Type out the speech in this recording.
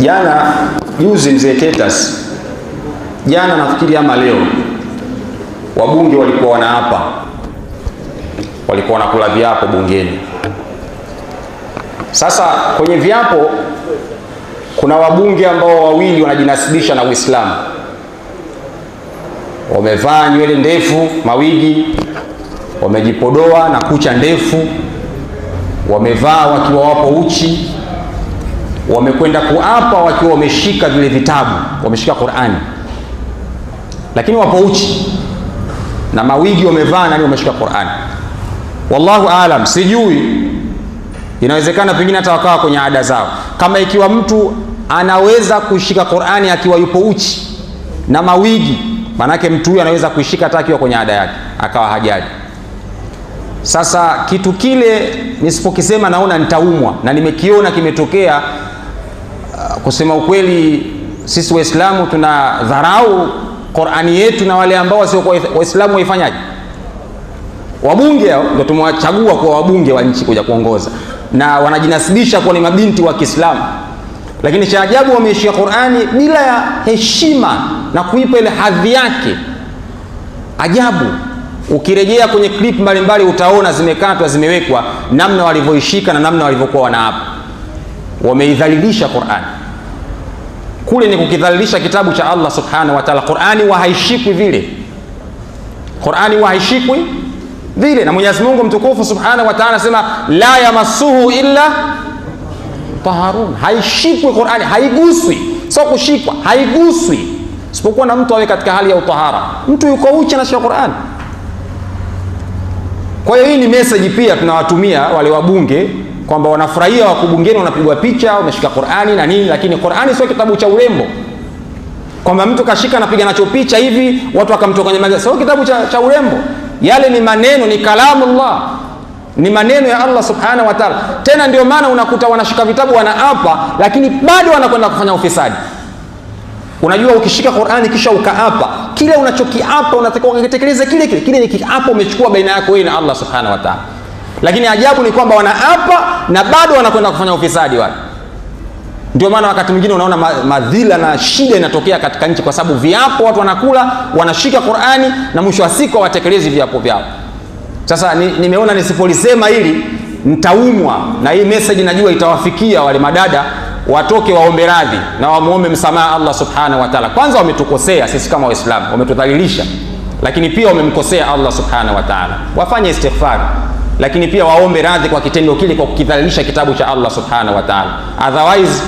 Jana juzi, mzee Tetas, jana nafikiri ama leo, wabunge walikuwa wanaapa, walikuwa wanakula viapo bungeni. Sasa kwenye viapo kuna wabunge ambao wawili wanajinasibisha na Uislamu, wamevaa nywele ndefu, mawigi, wamejipodoa na kucha ndefu, wamevaa wakiwa wapo uchi wamekwenda kuapa wakiwa wameshika vile vitabu, wameshika Qur'ani, lakini wapo uchi na mawigi wamevaa, nani wameshika Qur'ani. Wallahu aalam, sijui, inawezekana pengine hata wakawa kwenye ada zao. Kama ikiwa mtu anaweza kushika Qur'ani akiwa yupo uchi na mawigi, manake mtu huyo anaweza kuishika hata akiwa kwenye ada yake, akawa hajaji. Sasa kitu kile nisipokisema naona nitaumwa, na nimekiona kimetokea kusema ukweli, sisi Waislamu tuna dharau Qur'ani yetu na wale ambao wasiokuwa Waislamu waifanyaje? Wabunge hao ndio tumewachagua kuwa wabunge wa nchi kuja kuongoza, na wanajinasibisha kuwa ni mabinti wa Kiislamu, lakini cha ajabu wameishia Qur'ani bila ya heshima na kuipa ile hadhi yake. Ajabu, ukirejea kwenye clip mbalimbali utaona zimekatwa, zimewekwa namna walivyoishika na namna walivyokuwa wanaapa, wameidhalilisha Qur'ani kule ni kukidhalilisha kitabu cha Allah subhanahu wa ta'ala. Qur'ani wa haishikwi vile, Qur'ani wa haishikwi vile, na Mwenyezi Mungu mtukufu subhanahu wa ta'ala anasema la yamassuhu illa taharun, haishikwi Qur'ani, haiguswi. Sio kushikwa, haiguswi isipokuwa na mtu awe katika hali ya utahara. Mtu yuko uchi anashika Qur'ani. Kwa hiyo hii ni message pia tunawatumia wale wabunge kwamba wanafurahia wako bungeni, wanapigwa picha, wameshika Qur'ani na nini, lakini Qur'ani sio kitabu cha urembo, kwamba mtu kashika anapiga nacho picha hivi watu akamtoa kwenye maji Sio kitabu cha, cha urembo, yale ni maneno, ni kalamu allah ni maneno ya Allah subhanahu wa ta'ala. Tena ndio maana unakuta wanashika vitabu wanaapa, lakini bado wanakwenda kufanya ufisadi. Unajua, ukishika Qur'ani kisha ukaapa, kile unachokiapa unatakiwa ukitekeleze kile kile. Kile ni kiapo umechukua baina yako wewe na Allah subhanahu wa ta'ala. Lakini ajabu ni kwamba wanaapa na bado wanakwenda kufanya ufisadi wale. Ndio maana wakati mwingine unaona madhila na shida inatokea katika nchi, kwa sababu viapo watu wanakula, wanashika Qur'ani na mwisho wa siku hawatekelezi viapo vyao. Sasa nimeona ni nisipolisema hili nitaumwa, na hii message najua itawafikia wale madada watoke waombe radhi na wamuombe msamaha Allah subhanahu wa ta'ala. Kwanza wametukosea sisi kama Waislamu, wametudhalilisha, lakini pia wamemkosea Allah subhanahu wa ta'ala, wafanye istighfar lakini pia waombe radhi kwa kitendo kile, kwa kukidhalilisha kitabu cha Allah subhanahu wa ta'ala, otherwise